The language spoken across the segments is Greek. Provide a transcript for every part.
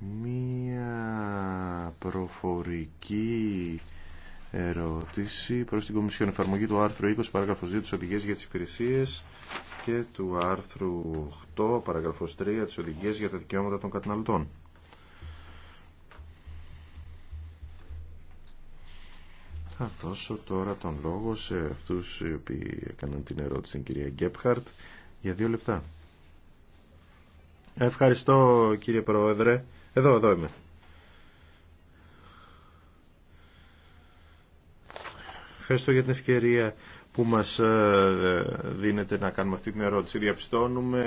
μία προφορική ερώτηση προς την Κομισιόν εφαρμογή του άρθρου 20 παράγραφος 2 της οδηγίας για τις υπηρεσίες και του άρθρου 8 παράγραφος 3 της οδηγίας για τα δικαιώματα των καταναλωτών. Θα δώσω τώρα τον λόγο σε αυτούς οι οποίοι έκαναν την ερώτηση στην κυρία Γκέπχαρτ για δύο λεπτά. Ευχαριστώ κύριε Πρόεδρε. Εδώ, εδώ είμαι. Ευχαριστώ για την ευκαιρία που μας ε, δίνεται να κάνουμε αυτή την ερώτηση. Διαπιστώνουμε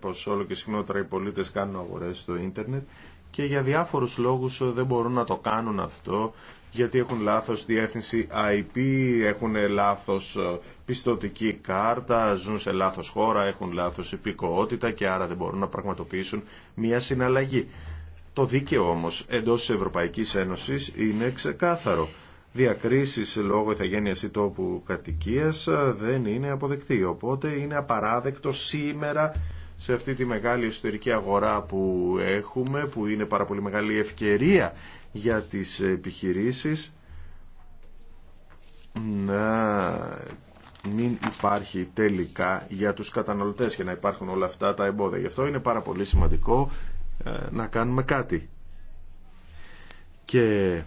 πως όλο και συχνότερα οι πολίτες κάνουν αγορές στο ίντερνετ και για διάφορους λόγους ε, δεν μπορούν να το κάνουν αυτό γιατί έχουν λάθος διεύθυνση IP, έχουν λάθος ε, πιστοτική κάρτα, ζουν σε λάθος χώρα, έχουν λάθος υπηκοότητα και άρα δεν μπορούν να πραγματοποιήσουν μια συναλλαγή. Το δίκαιο όμως εντός της Ευρωπαϊκής Ένωσης είναι ξεκάθαρο. Διακρίσεις λόγω ηθαγένειας ή τόπου κατοικίας δεν είναι αποδεκτή. Οπότε είναι απαράδεκτο σήμερα σε αυτή τη μεγάλη εσωτερική αγορά που έχουμε, που είναι πάρα πολύ μεγάλη ευκαιρία για τις επιχειρήσεις, να μην υπάρχει τελικά για τους καταναλωτές και να υπάρχουν όλα αυτά τα εμπόδια. Γι' αυτό είναι πάρα πολύ σημαντικό ε, να κάνουμε κάτι. Και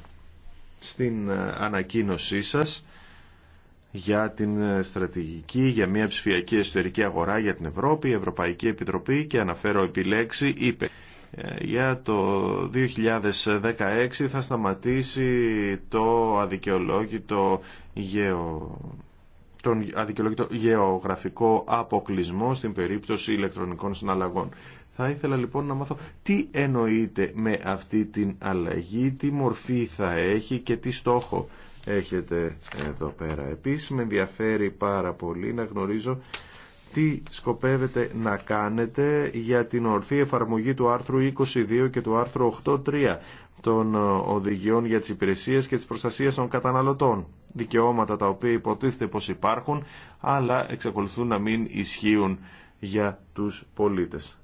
στην ε, ανακοίνωσή σας για την ε, στρατηγική, για μια ψηφιακή εσωτερική αγορά για την Ευρώπη, η Ευρωπαϊκή Επιτροπή και αναφέρω επιλέξη είπε για το 2016 θα σταματήσει το αδικαιολόγητο γεω... τον αδικαιολόγητο γεωγραφικό αποκλεισμό στην περίπτωση ηλεκτρονικών συναλλαγών. Θα ήθελα λοιπόν να μάθω τι εννοείται με αυτή την αλλαγή, τι μορφή θα έχει και τι στόχο έχετε εδώ πέρα. Επίσης με ενδιαφέρει πάρα πολύ να γνωρίζω τι σκοπεύετε να κάνετε για την ορθή εφαρμογή του άρθρου 22 και του άρθρου 8.3 των οδηγιών για τις υπηρεσίες και τις προστασίες των καταναλωτών. Δικαιώματα τα οποία υποτίθεται πως υπάρχουν, αλλά εξακολουθούν να μην ισχύουν για τους πολίτες.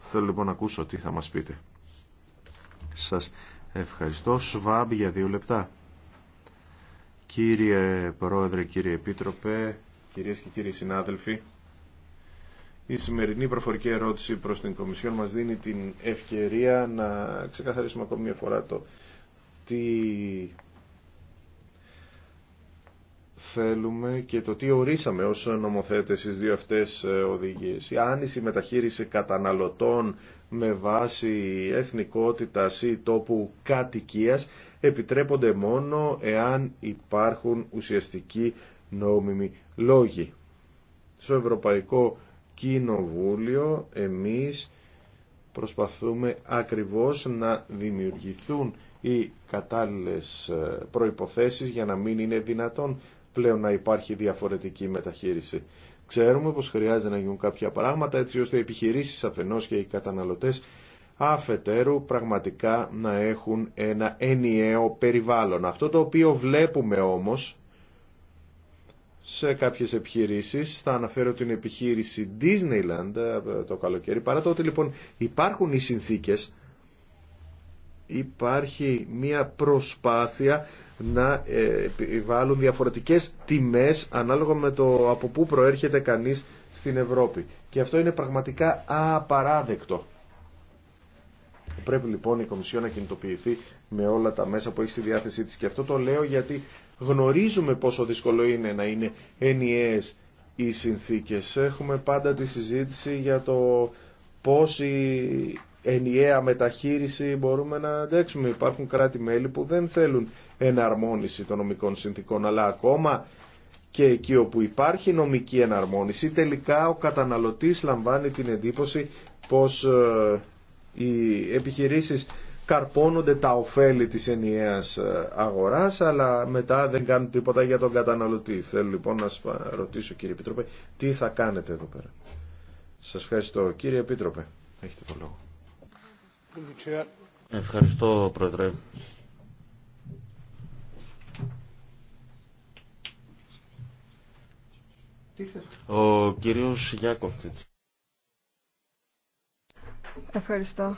Θέλω λοιπόν να ακούσω τι θα μας πείτε. Σας ευχαριστώ. Σβάμπ για δύο λεπτά. Κύριε Πρόεδρε, κύριε Επίτροπε, κυρίες και κύριοι συνάδελφοι, η σημερινή προφορική ερώτηση προς την Κομισιόν μας δίνει την ευκαιρία να ξεκαθαρίσουμε ακόμη μια φορά το τι θέλουμε και το τι ορίσαμε ως νομοθέτες στις δύο αυτές ε, οδηγίες. Η άνηση μεταχείριση καταναλωτών με βάση εθνικότητα ή τόπου κατοικίας επιτρέπονται μόνο εάν υπάρχουν ουσιαστικοί νόμιμοι λόγοι. Στο Ευρωπαϊκό Κοινοβούλιο εμείς προσπαθούμε ακριβώς να δημιουργηθούν οι κατάλληλες ε, προϋποθέσεις για να μην είναι δυνατόν πλέον να υπάρχει διαφορετική μεταχείριση. Ξέρουμε πως χρειάζεται να γίνουν κάποια πράγματα έτσι ώστε οι επιχειρήσεις αφενός και οι καταναλωτές αφετέρου πραγματικά να έχουν ένα ενιαίο περιβάλλον. Αυτό το οποίο βλέπουμε όμως σε κάποιες επιχειρήσεις, θα αναφέρω την επιχείρηση Disneyland ε, το καλοκαίρι, παρά το ότι λοιπόν υπάρχουν οι συνθήκες υπάρχει μια προσπάθεια να ε, βάλουν διαφορετικές τιμές ανάλογα με το από πού προέρχεται κανείς στην Ευρώπη. Και αυτό είναι πραγματικά απαράδεκτο. Πρέπει λοιπόν η Κομισιόν να κινητοποιηθεί με όλα τα μέσα που έχει στη διάθεσή της. Και αυτό το λέω γιατί γνωρίζουμε πόσο δύσκολο είναι να είναι ενιαίες οι συνθήκες. Έχουμε πάντα τη συζήτηση για το πώς ενιαία μεταχείριση μπορούμε να αντέξουμε. Υπάρχουν κράτη-μέλη που δεν θέλουν εναρμόνιση των νομικών συνθήκων, αλλά ακόμα και εκεί όπου υπάρχει νομική εναρμόνιση, τελικά ο καταναλωτής λαμβάνει την εντύπωση πως ε, οι επιχειρήσεις καρπώνονται τα ωφέλη της ενιαίας ε, αγοράς, αλλά μετά δεν κάνουν τίποτα για τον καταναλωτή. Θέλω λοιπόν να σας ρωτήσω κύριε Επίτροπε, τι θα κάνετε εδώ πέρα. Σας ευχαριστώ. Κύριε Επίτροπε, έχετε το λόγο. Ευχαριστώ, Πρόεδρε. Ο κύριος Γιάκοφτιτς. Ευχαριστώ.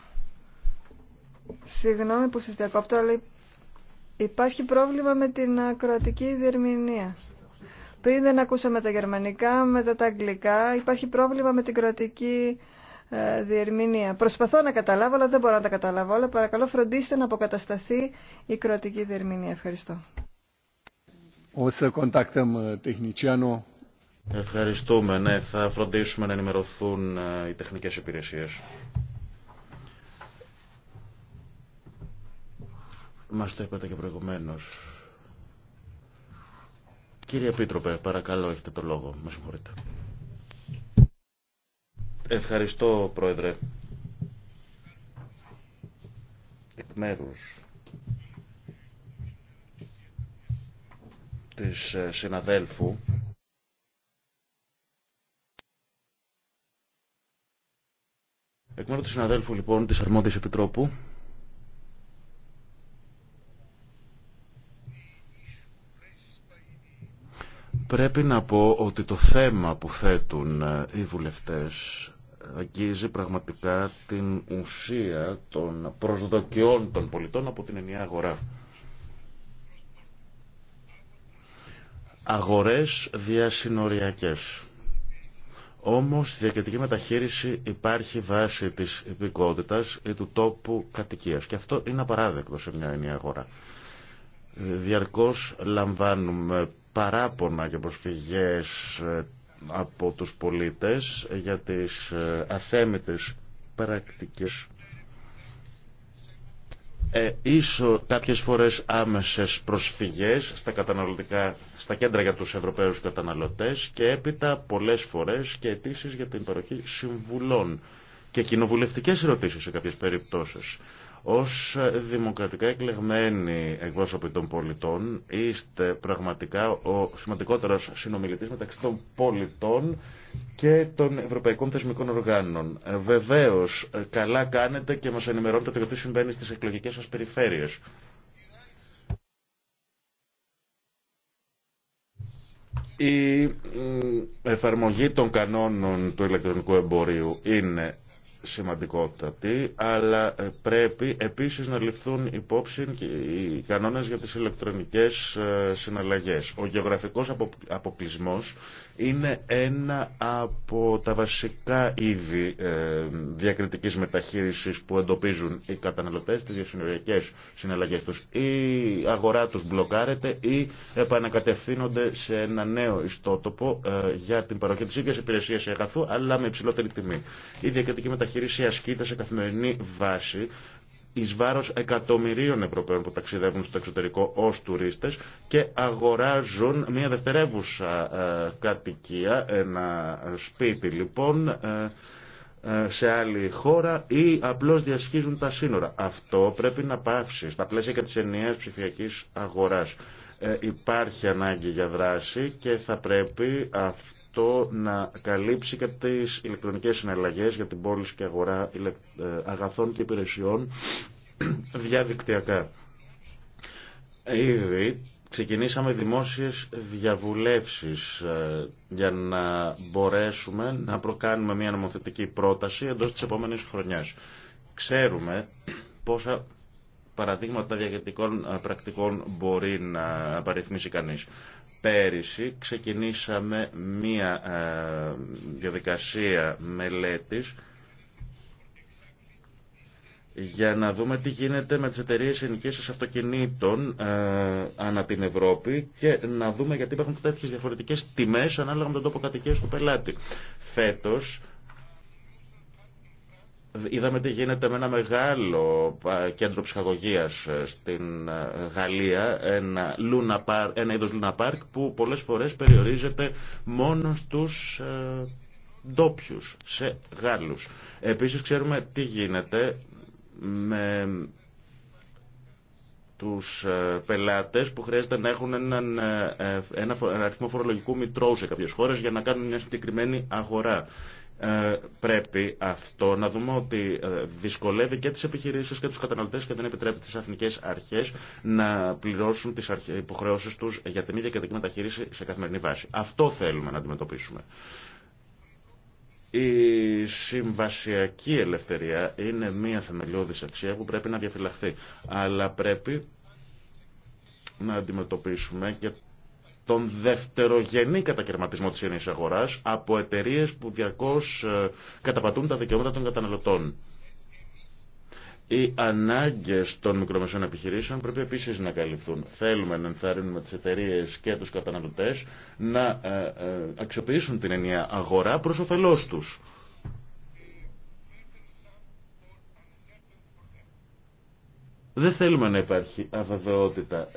Συγγνώμη που σας διακόπτω, αλλά υπάρχει πρόβλημα με την κροατική διερμηνία. Πριν δεν ακούσαμε τα γερμανικά, μετά τα αγγλικά. Υπάρχει πρόβλημα με την κροατική ε, διερμηνία. Προσπαθώ να καταλάβω, αλλά δεν μπορώ να τα καταλάβω όλα. Παρακαλώ φροντίστε να αποκατασταθεί η κροατική διερμηνία. Ευχαριστώ. Ε, Ευχαριστούμε. Ναι, θα φροντίσουμε να ενημερωθούν ε, οι τεχνικές υπηρεσίες. Μας το είπατε και προηγουμένως. Κύριε Επίτροπε, παρακαλώ, έχετε το λόγο. Με συγχωρείτε. Ευχαριστώ, Πρόεδρε. Εκ μέρους της ε, συναδέλφου Εκ μέρου του συναδέλφου λοιπόν της Αρμόδιας Επιτρόπου πρέπει να πω ότι το θέμα που θέτουν ε, οι βουλευτές αγγίζει πραγματικά την ουσία των προσδοκιών των πολιτών από την ενιαία αγορά. Αγορές διασυνοριακές. Όμως στη διακριτική μεταχείριση υπάρχει βάση της υπηκότητας ή του τόπου κατοικίας και αυτό είναι απαράδεκτο σε μια ενιαία αγορά. Διαρκώς λαμβάνουμε παράπονα και προσφυγές ε, από τους πολίτες για τις ε, αθέμητες πρακτικές ε, ίσο κάποιες φορές άμεσες προσφυγές στα, καταναλωτικά, στα κέντρα για τους Ευρωπαίους καταναλωτές και έπειτα πολλές φορές και αιτήσει για την παροχή συμβουλών και κοινοβουλευτικές ερωτήσεις σε κάποιες περιπτώσεις. Ως δημοκρατικά εκλεγμένοι εκπρόσωποι των πολιτών είστε πραγματικά ο σημαντικότερος συνομιλητής μεταξύ των πολιτών και των ευρωπαϊκών θεσμικών οργάνων. Ε, βεβαίως, ε, καλά κάνετε και μας ενημερώνετε το συμβαίνει στις εκλογικές σας περιφέρειες. Η εφαρμογή των κανόνων του ηλεκτρονικού εμπορίου είναι σημαντικότατη, αλλά ε, πρέπει επίσης να ληφθούν υπόψη οι κανόνες για τις ηλεκτρονικές ε, συναλλαγές. Ο γεωγραφικός αποκλεισμός είναι ένα από τα βασικά είδη ε, διακριτικής μεταχείρισης που εντοπίζουν οι καταναλωτές στις διασυνοριακές συναλλαγές τους. Η αγορά τους μπλοκάρεται ή επανακατευθύνονται σε ένα νέο ιστότοπο για την παροχή της ίδιας υπηρεσίας αγαθού, αλλά με υψηλότερη τιμή. Η διακριτική μεταχείριση μεταχείριση ασκείται σε καθημερινή βάση ει βάρο εκατομμυρίων Ευρωπαίων που ταξιδεύουν στο εξωτερικό ω τουρίστε και αγοράζουν μια δευτερεύουσα ε, κατοικία, ένα σπίτι λοιπόν ε, ε, σε άλλη χώρα ή απλώς διασχίζουν τα σύνορα. Αυτό πρέπει να πάυσει στα πλαίσια και τη ενιαίας ψηφιακή αγοράς. υπάρχει ανάγκη για δράση και θα πρέπει αυτό το να καλύψει και τις ηλεκτρονικές συναλλαγές για την πόλη και αγορά ε, αγαθών και υπηρεσιών διαδικτυακά. Ήδη ξεκινήσαμε δημόσιες διαβουλεύσεις ε, για να μπορέσουμε να προκάνουμε μια νομοθετική πρόταση εντός της επόμενης χρονιάς. Ξέρουμε πόσα παραδείγματα διαγετικών ε, πρακτικών μπορεί να παριθμίσει κανείς. Πέρυσι ξεκινήσαμε μία ε, διαδικασία μελέτης για να δούμε τι γίνεται με τις εταιρείες σας αυτοκινήτων ε, ανά την Ευρώπη και να δούμε γιατί υπάρχουν τέτοιες διαφορετικές τιμές ανάλογα με τον τόπο κατοικίας του πελάτη. Φέτος Είδαμε τι γίνεται με ένα μεγάλο κέντρο ψυχαγωγίας ε, στην ε, Γαλλία, ένα, Luna Park, ένα είδος Λούνα Πάρκ που πολλές φορές περιορίζεται μόνο στους ε, ντόπιου, σε Γάλλους. Επίσης ξέρουμε τι γίνεται με τους ε, πελάτες που χρειάζεται να έχουν έναν, ε, ε, ένα αριθμό φορολογικού μητρώου σε κάποιες χώρες για να κάνουν μια συγκεκριμένη αγορά. Ε, πρέπει αυτό να δούμε ότι δυσκολεύει και τις επιχειρήσεις και τους καταναλωτές και δεν επιτρέπει τις αθηνικές αρχές να πληρώσουν τις υποχρεώσεις τους για την ίδια και μεταχείριση σε καθημερινή βάση. Αυτό θέλουμε να αντιμετωπίσουμε. Η συμβασιακή ελευθερία είναι μια θεμελιώδης αξία που πρέπει να διαφυλαχθεί. Αλλά πρέπει να αντιμετωπίσουμε και τον δευτερογενή κατακαιρματισμό της ενής αγοράς από εταιρείες που διαρκώς ε, καταπατούν τα δικαιώματα των καταναλωτών. Οι ανάγκε των μικρομεσαίων επιχειρήσεων πρέπει επίση να καλυφθούν. Θέλουμε να ενθαρρύνουμε τι εταιρείε και του καταναλωτέ να ε, ε, αξιοποιήσουν την ενιαία αγορά προ όφελό του. Δεν θέλουμε να υπάρχει αβεβαιότητα.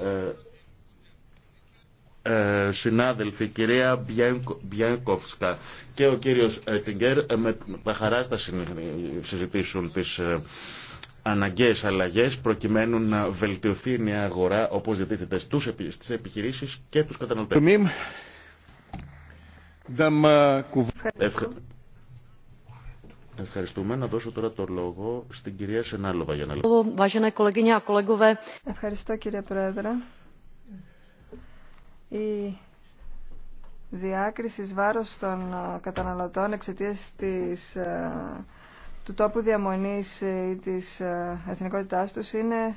Ε, συνάδελφοι, κυρία Μπιάνκοφσκα και ο κύριος Τιγκέρ με τα χαρά θα συζητήσουν τις αναγκαίες αλλαγές προκειμένου να βελτιωθεί η νέα αγορά όπως διατίθεται στις επιχειρήσεις και τους καταναλωτές. Ευχαριστούμε. Να δώσω τώρα το λόγο στην κυρία Σενάλοβα για να Ευχαριστώ κύριε Πρόεδρε. Η διάκριση βάρος των καταναλωτών εξαιτίας της του τόπου διαμονής ή ε, της ε, εθνικότητάς τους είναι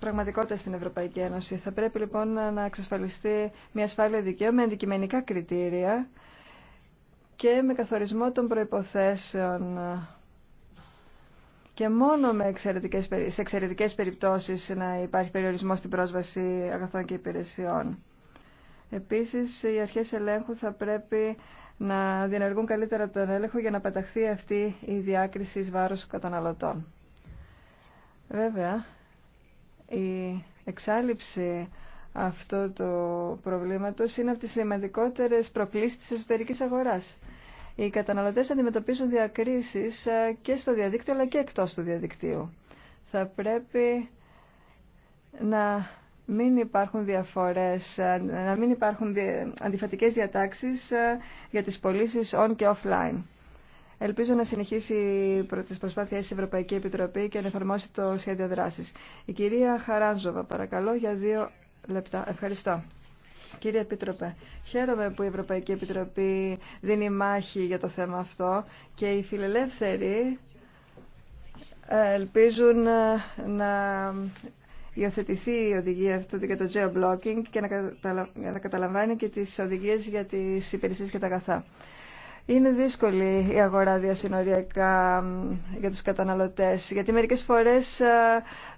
πραγματικότητα στην Ευρωπαϊκή Ένωση. Θα πρέπει λοιπόν να εξασφαλιστεί μια ασφάλεια δικαίου με αντικειμενικά κριτήρια και με καθορισμό των προϋποθέσεων ε, και μόνο με εξαιρετικές, σε εξαιρετικές περιπτώσεις να υπάρχει περιορισμό στην πρόσβαση αγαθών και υπηρεσιών. Επίσης, οι αρχές ελέγχου θα πρέπει να διενεργούν καλύτερα τον έλεγχο για να πεταχθεί αυτή η διάκριση εις βάρος καταναλωτών. Βέβαια, η εξάλληψη αυτού το προβλήματος είναι από τις σημαντικότερες προκλήσεις της εσωτερικής αγοράς. Οι καταναλωτές αντιμετωπίζουν διακρίσεις ε, και στο διαδίκτυο αλλά και εκτός του διαδικτύου. Θα πρέπει να μην υπάρχουν διαφορές, να μην υπάρχουν αντιφατικές διατάξεις ε, για τις πωλήσει on και offline. Ελπίζω να συνεχίσει τις προσπάθειές της Ευρωπαϊκή Επιτροπή και να εφαρμόσει το σχέδιο δράσης. Η κυρία Χαράνζοβα, παρακαλώ, για δύο λεπτά. Ευχαριστώ. Κύριε Επίτροπε, χαίρομαι που η Ευρωπαϊκή Επιτροπή δίνει μάχη για το θέμα αυτό και οι φιλελεύθεροι ε, ελπίζουν ε, να υιοθετηθεί η οδηγία αυτή για το geo-blocking και να καταλαμβάνει και τις οδηγίες για τις υπηρεσίες και τα αγαθά. Είναι δύσκολη η αγορά διασυνοριακά για τους καταναλωτές, γιατί μερικές φορές ε,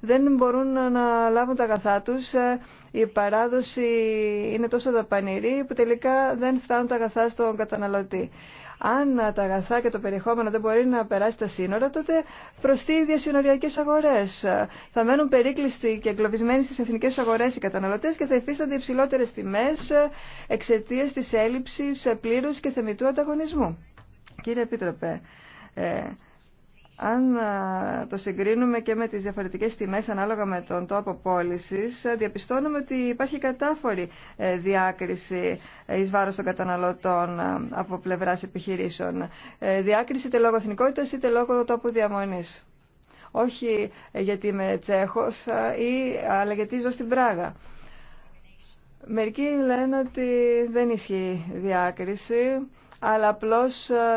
δεν μπορούν να λάβουν τα αγαθά τους. Ε, η παράδοση είναι τόσο δαπανηρή που τελικά δεν φτάνουν τα αγαθά στον καταναλωτή. Αν τα αγαθά και το περιεχόμενο δεν μπορεί να περάσει τα σύνορα, τότε προστεί διασυνοριακέ αγορέ. Θα μένουν περίκλειστοι και εγκλωβισμένοι στι εθνικέ αγορέ οι καταναλωτέ και θα υφίστανται υψηλότερε τιμέ εξαιτία τη έλλειψη πλήρου και θεμητού ανταγωνισμού. Κύριε Επίτροπε, ε, αν το συγκρίνουμε και με τις διαφορετικές τιμές ανάλογα με τον τόπο πώλησης, διαπιστώνουμε ότι υπάρχει κατάφορη ε, διάκριση ε, εις βάρος των καταναλωτών από πλευράς επιχειρήσεων. Ε, διάκριση είτε λόγω εθνικότητας είτε λόγω τόπου διαμονής. Όχι γιατί είμαι Τσέχος, αλλά γιατί ζω στην Πράγα. Μερικοί λένε ότι δεν ισχύει διάκριση αλλά απλώ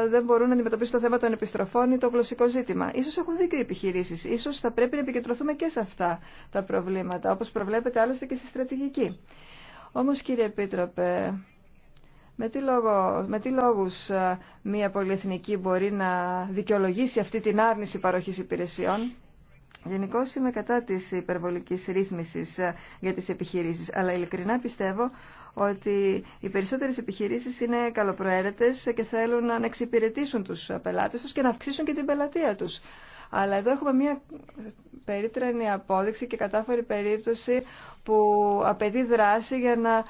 ε, δεν μπορούν να αντιμετωπίσουν το θέμα των επιστροφών ή το γλωσσικό ζήτημα. σω έχουν δίκιο οι επιχειρήσει. σω θα πρέπει να επικεντρωθούμε και σε αυτά τα προβλήματα, όπω προβλέπεται άλλωστε και στη στρατηγική. Όμω, κύριε Επίτροπε, με τι, λόγο, με τι λόγους ε, μία πολυεθνική μπορεί να δικαιολογήσει αυτή την άρνηση παροχής υπηρεσιών. Γενικώ είμαι κατά τη υπερβολικής ρύθμιση ε, για τις επιχειρήσεις, αλλά ειλικρινά πιστεύω ότι οι περισσότερες επιχειρήσεις είναι καλοπροαίρετες και θέλουν να εξυπηρετήσουν τους πελάτες τους και να αυξήσουν και την πελατεία τους. Αλλά εδώ έχουμε μια περίτρανη απόδειξη και κατάφορη περίπτωση που απαιτεί δράση για να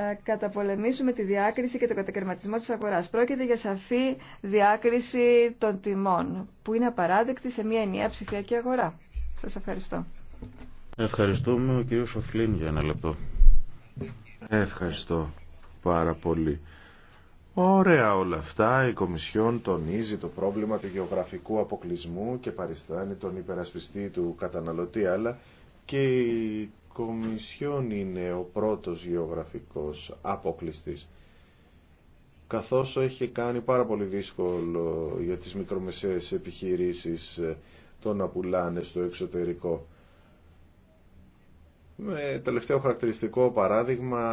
ε, καταπολεμήσουμε τη διάκριση και τον κατακαιρματισμό της αγοράς. Πρόκειται για σαφή διάκριση των τιμών, που είναι απαράδεκτη σε μια ενιαία ψηφιακή αγορά. Σας ευχαριστώ. Ευχαριστούμε ο κύριος Σοφλίν για ένα λεπτό. Ευχαριστώ πάρα πολύ. Ωραία όλα αυτά. Η Κομισιόν τονίζει το πρόβλημα του γεωγραφικού αποκλεισμού και παριστάνει τον υπερασπιστή του καταναλωτή, αλλά και η Κομισιόν είναι ο πρώτος γεωγραφικός αποκλειστής καθώς έχει κάνει πάρα πολύ δύσκολο για τις μικρομεσαίες επιχειρήσεις ε, το να πουλάνε στο εξωτερικό. Με τελευταίο χαρακτηριστικό παράδειγμα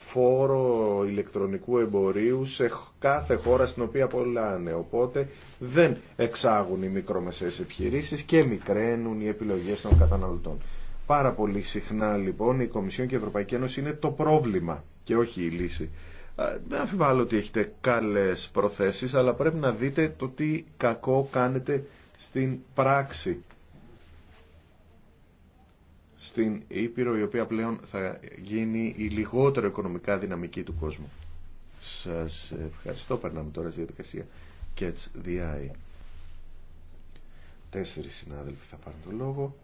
φόρο ηλεκτρονικού εμπορίου σε κάθε χώρα στην οποία πουλάνε. Οπότε δεν εξάγουν οι μικρομεσαίες επιχειρήσεις και μικραίνουν οι επιλογές των καταναλωτών. Πάρα πολύ συχνά λοιπόν η Κομισιόν και η Ευρωπαϊκή Ένωση είναι το πρόβλημα και όχι η λύση. Ε, δεν αφιβάλλω ότι έχετε καλές προθέσεις, αλλά πρέπει να δείτε το τι κακό κάνετε στην πράξη. Στην Ήπειρο, η οποία πλέον θα γίνει η λιγότερο οικονομικά δυναμική του κόσμου. Σας ευχαριστώ. Περνάμε τώρα στη διαδικασία Catch Τέσσερις συνάδελφοι θα πάρουν το λόγο.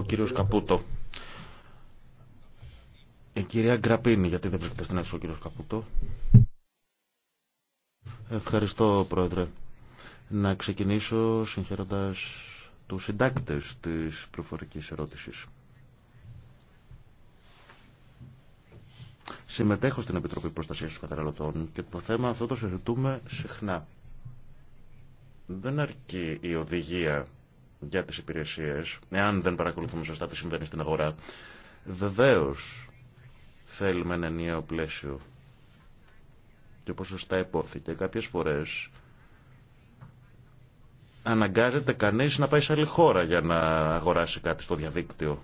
Ο κύριος Καπούτο. Η κυρία Γκραπίνη, γιατί δεν βρίσκεται στην αίθουσα ο κύριος Καπούτο. Ευχαριστώ, Πρόεδρε. Να ξεκινήσω συγχαίροντας τους συντάκτε της προφορικής ερώτησης. Συμμετέχω στην Επιτροπή Προστασίας των Καταναλωτών και το θέμα αυτό το συζητούμε συχνά. Δεν αρκεί η οδηγία για τις υπηρεσίες, εάν δεν παρακολουθούμε σωστά τι συμβαίνει στην αγορά, βεβαίω θέλουμε ένα νέο πλαίσιο. Και όπως σωστά υπόθηκε, κάποιες φορές αναγκάζεται κανείς να πάει σε άλλη χώρα για να αγοράσει κάτι στο διαδίκτυο.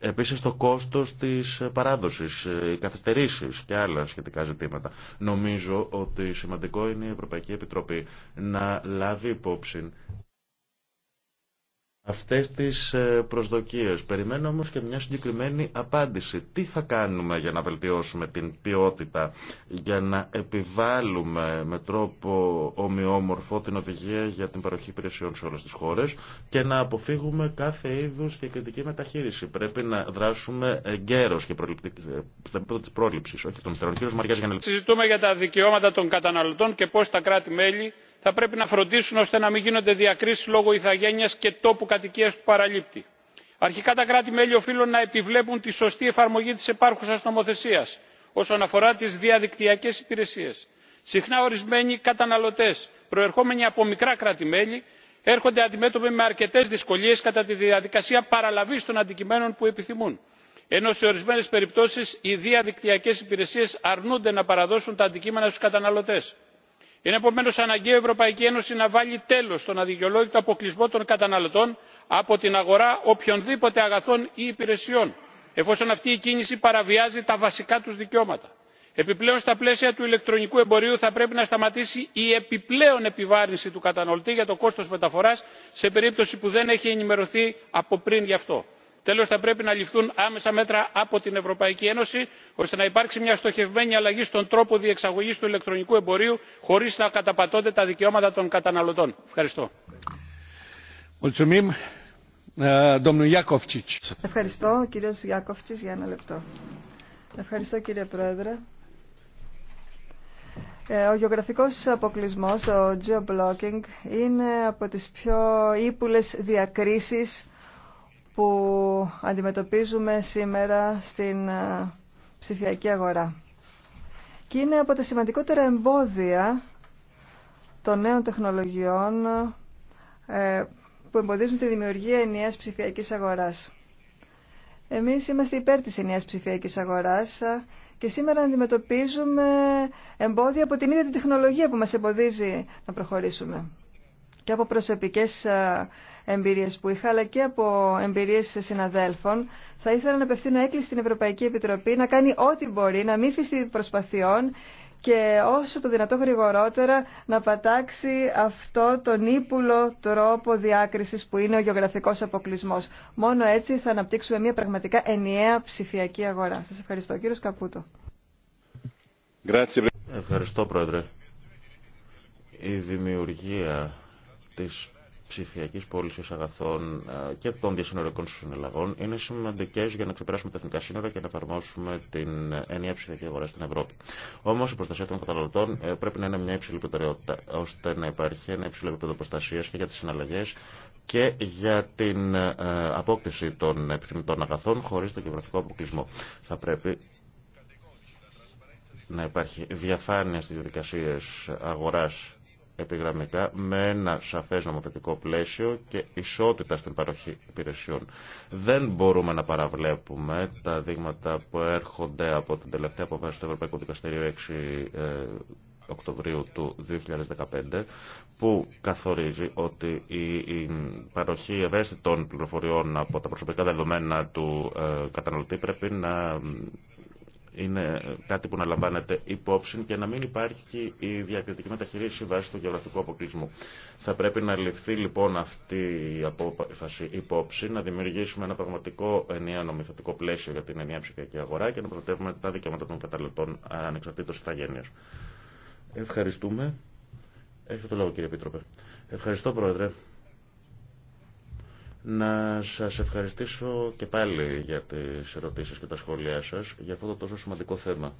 Επίσης το κόστος της παράδοσης, οι καθυστερήσεις και άλλα σχετικά ζητήματα. Νομίζω ότι σημαντικό είναι η Ευρωπαϊκή Επιτροπή να λάβει υπόψη αυτές τις ε, προσδοκίες. Περιμένω όμως και μια συγκεκριμένη απάντηση. Τι θα κάνουμε για να βελτιώσουμε την ποιότητα, για να επιβάλλουμε με τρόπο ομοιόμορφο την οδηγία για την παροχή υπηρεσιών σε όλες τις χώρες και να αποφύγουμε κάθε είδους διακριτική μεταχείριση. Πρέπει να δράσουμε εγκαίρως και ε, στο επίπεδο της πρόληψης, όχι των Συζητούμε για τα δικαιώματα των καταναλωτών και πώς τα κράτη-μέλη θα πρέπει να φροντίσουν ώστε να μην γίνονται διακρίσεις λόγω ηθαγένεια και τόπου κατοικία που παραλείπει. αρχικά τα κράτη μέλη οφείλουν να επιβλέπουν τη σωστή εφαρμογή τη υπάρχουσα νομοθεσία, όσον αφορά τι διαδικτυακέ υπηρεσίε. συχνά ορισμένοι καταναλωτέ, προερχόμενοι από μικρά κράτη μέλη έρχονται αντιμέτωποι με αρκετέ δυσκολίε κατά τη διαδικασία παραλαβή των αντικειμένων που επιθυμούν ενώ σε ορισμένε περιπτώσει, οι διαδικτυακέ υπηρεσίε αρνούνται να παραδώσουν τα αντικείμενα στου καταναλωτέ είναι επομένως αναγκαίο η ευρωπαϊκή ένωση να βάλει τέλος στον αδικαιολόγητο αποκλεισμό των καταναλωτών από την αγορά οποιονδήποτε αγαθών ή υπηρεσιών εφόσον αυτή η κίνηση παραβιάζει τα βασικά τους δικαιώματα. επιπλέον στα πλαίσια του ηλεκτρονικού εμπορίου θα πρέπει να σταματήσει η επιπλέον επιβάρυνση του καταναλωτή για το κόστος μεταφοράς σε περίπτωση που δεν έχει ενημερωθεί από πριν γι' αυτό. Τέλος, θα πρέπει να ληφθούν άμεσα μέτρα από την ευρωπαϊκή ένωση ώστε να υπάρξει μια στοχευμένη αλλαγή στον τρόπο διεξαγωγής του ηλεκτρονικού εμπορίου χωρίς να καταπατώνται τα δικαιώματα των καταναλωτών. ευχαριστώ. Ε, ευχαριστώ, Ευχαριστώ, κύριε Πρόεδρε. Ε, ο γεωγραφικός αποκλεισμός, το geo-blocking, είναι από τις πιο ύπουλες διακρίσεις που αντιμετωπίζουμε σήμερα στην ε, ψηφιακή αγορά. Και είναι από τα σημαντικότερα εμπόδια των νέων τεχνολογιών ε, που εμποδίζουν τη δημιουργία ενιαίας ψηφιακής αγοράς. Εμείς είμαστε υπέρ της ενιαίας ψηφιακής αγοράς ε, και σήμερα αντιμετωπίζουμε εμπόδια από την ίδια τη τεχνολογία που μας εμποδίζει να προχωρήσουμε και από προσωπικές ε, εμπειρίες που είχα, αλλά και από εμπειρίες συναδέλφων, θα ήθελα να απευθύνω έκκληση στην Ευρωπαϊκή Επιτροπή να κάνει ό,τι μπορεί, να μην φυστεί προσπαθειών και όσο το δυνατό γρηγορότερα να πατάξει αυτό τον ύπουλο τρόπο διάκρισης που είναι ο γεωγραφικός αποκλεισμός. Μόνο έτσι θα αναπτύξουμε μια πραγματικά ενιαία ψηφιακή αγορά. Σας ευχαριστώ. Κύριο Καπούτο. Ευχαριστώ, Πρόεδρε. Η δημιουργία της ψηφιακής πώληση αγαθών ε, και των διασυνοριακών συναλλαγών είναι σημαντικές για να ξεπεράσουμε τα εθνικά σύνορα και να εφαρμόσουμε την ε, ενιαία ψηφιακή αγορά στην Ευρώπη. Όμως η προστασία των καταναλωτών ε, πρέπει να είναι μια υψηλή προτεραιότητα ώστε να υπάρχει ένα υψηλό επίπεδο προστασία και για τις συναλλαγές και για την απόκτηση των επιθυμητών αγαθών χωρίς το γεωγραφικό αποκλεισμό. Θα πρέπει να υπάρχει διαφάνεια στις διαδικασίες αγοράς επιγραμμικά με ένα σαφές νομοθετικό πλαίσιο και ισότητα στην παροχή υπηρεσιών. Δεν μπορούμε να παραβλέπουμε τα δείγματα που έρχονται από την τελευταία αποφάση του Ευρωπαϊκού Δικαστηρίου 6 ε, Οκτωβρίου του 2015 που καθορίζει ότι η, παροχή ευαίσθητων πληροφοριών από τα προσωπικά δεδομένα του ε, καταναλωτή πρέπει να είναι κάτι που να λαμβάνεται υπόψη και να μην υπάρχει η διακριτική μεταχειρίση βάσει του γεωγραφικού αποκλεισμού. Θα πρέπει να ληφθεί λοιπόν αυτή η απόφαση υπόψη, να δημιουργήσουμε ένα πραγματικό ενιαίο νομοθετικό πλαίσιο για την ενιαία ψηφιακή αγορά και να προτεύουμε τα δικαιώματα των καταναλωτών ανεξαρτήτω ηθαγένεια. Ευχαριστούμε. Έχετε το λόγο κύριε Επίτροπε. Ευχαριστώ Πρόεδρε να σας ευχαριστήσω και πάλι για τις ερωτήσεις και τα σχόλιά σας για αυτό το τόσο σημαντικό θέμα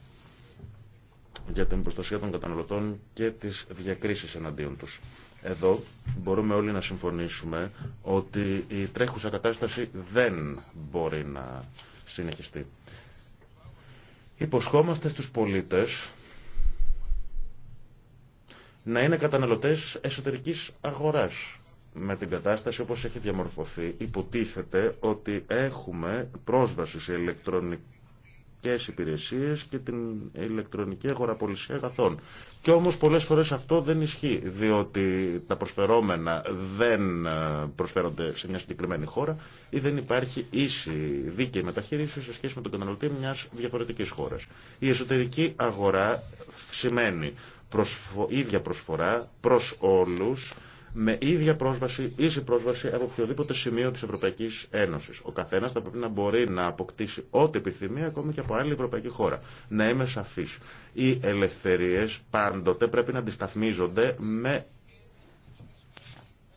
για την προστασία των καταναλωτών και τις διακρίσεις εναντίον τους. Εδώ μπορούμε όλοι να συμφωνήσουμε ότι η τρέχουσα κατάσταση δεν μπορεί να συνεχιστεί. Υποσχόμαστε στους πολίτες να είναι καταναλωτές εσωτερικής αγοράς με την κατάσταση όπως έχει διαμορφωθεί υποτίθεται ότι έχουμε πρόσβαση σε ηλεκτρονικές υπηρεσίες και την ηλεκτρονική αγοραπολισία αγαθών. Και όμως πολλές φορές αυτό δεν ισχύει, διότι τα προσφερόμενα δεν ε, προσφέρονται σε μια συγκεκριμένη χώρα ή δεν υπάρχει ίση δίκαιη μεταχείριση σε σχέση με τον καταναλωτή μιας διαφορετικής χώρας. Η εσωτερική αγορά σημαίνει ίδια προσφορά προς όλους με ίδια πρόσβαση, ίση πρόσβαση από οποιοδήποτε σημείο τη Ευρωπαϊκή Ένωση. Ο καθένα θα πρέπει να μπορεί να αποκτήσει ό,τι επιθυμεί ακόμη και από άλλη ευρωπαϊκή χώρα. Να είμαι σαφή. Οι ελευθερίε πάντοτε πρέπει να αντισταθμίζονται με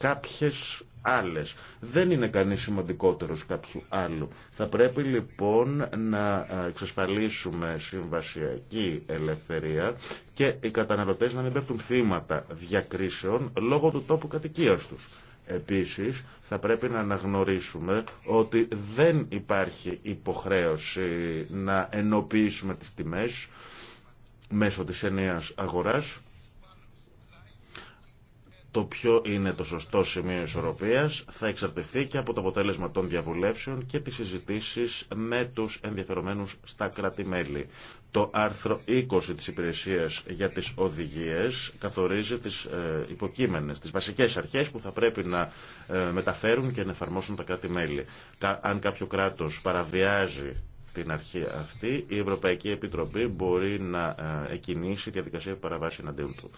κάποιες άλλες. Δεν είναι κανείς σημαντικότερος κάποιου άλλου. Θα πρέπει λοιπόν να εξασφαλίσουμε συμβασιακή ελευθερία και οι καταναλωτές να μην πέφτουν θύματα διακρίσεων λόγω του τόπου κατοικίας τους. Επίσης θα πρέπει να αναγνωρίσουμε ότι δεν υπάρχει υποχρέωση να ενοποιήσουμε τις τιμές μέσω της ενιαίας αγοράς το ποιο είναι το σωστό σημείο ισορροπίας θα εξαρτηθεί και από το αποτέλεσμα των διαβουλεύσεων και τις συζητήσεις με τους ενδιαφερομένους στα κράτη-μέλη. Το άρθρο 20 της υπηρεσίας για τις οδηγίες καθορίζει τις ε, υποκείμενες, τις βασικές αρχές που θα πρέπει να ε, μεταφέρουν και να εφαρμόσουν τα κράτη-μέλη. Αν κάποιο κράτος παραβιάζει την αρχή αυτή, η Ευρωπαϊκή Επιτροπή μπορεί να εκινήσει τη διαδικασία παραβάση εναντίον του.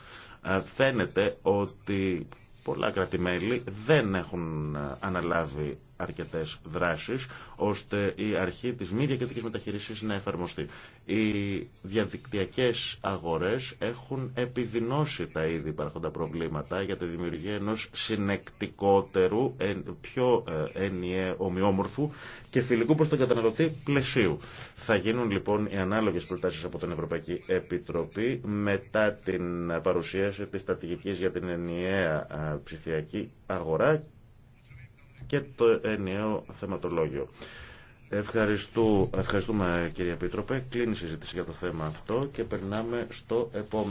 Ε, φαίνεται ότι πολλά κρατημέλη δεν έχουν ε, αναλάβει αρκετέ δράσει, ώστε η αρχή τη μη διακριτική μεταχείριση να εφαρμοστεί. Οι διαδικτυακέ αγορέ έχουν επιδεινώσει τα ήδη υπάρχοντα προβλήματα για τη δημιουργία ενό συνεκτικότερου, πιο ε, ενιαίου, ομοιόμορφου και φιλικού προ τον καταναλωτή πλαισίου. Θα γίνουν λοιπόν οι ανάλογε προτάσει από την Ευρωπαϊκή Επιτροπή μετά την παρουσίαση τη στρατηγική για την ενιαία ε, ψηφιακή αγορά και το ενιαίο θεματολόγιο. Ευχαριστούμε κυρία Πίτροπε. Κλείνει η συζήτηση για το θέμα αυτό και περνάμε στο επόμενο.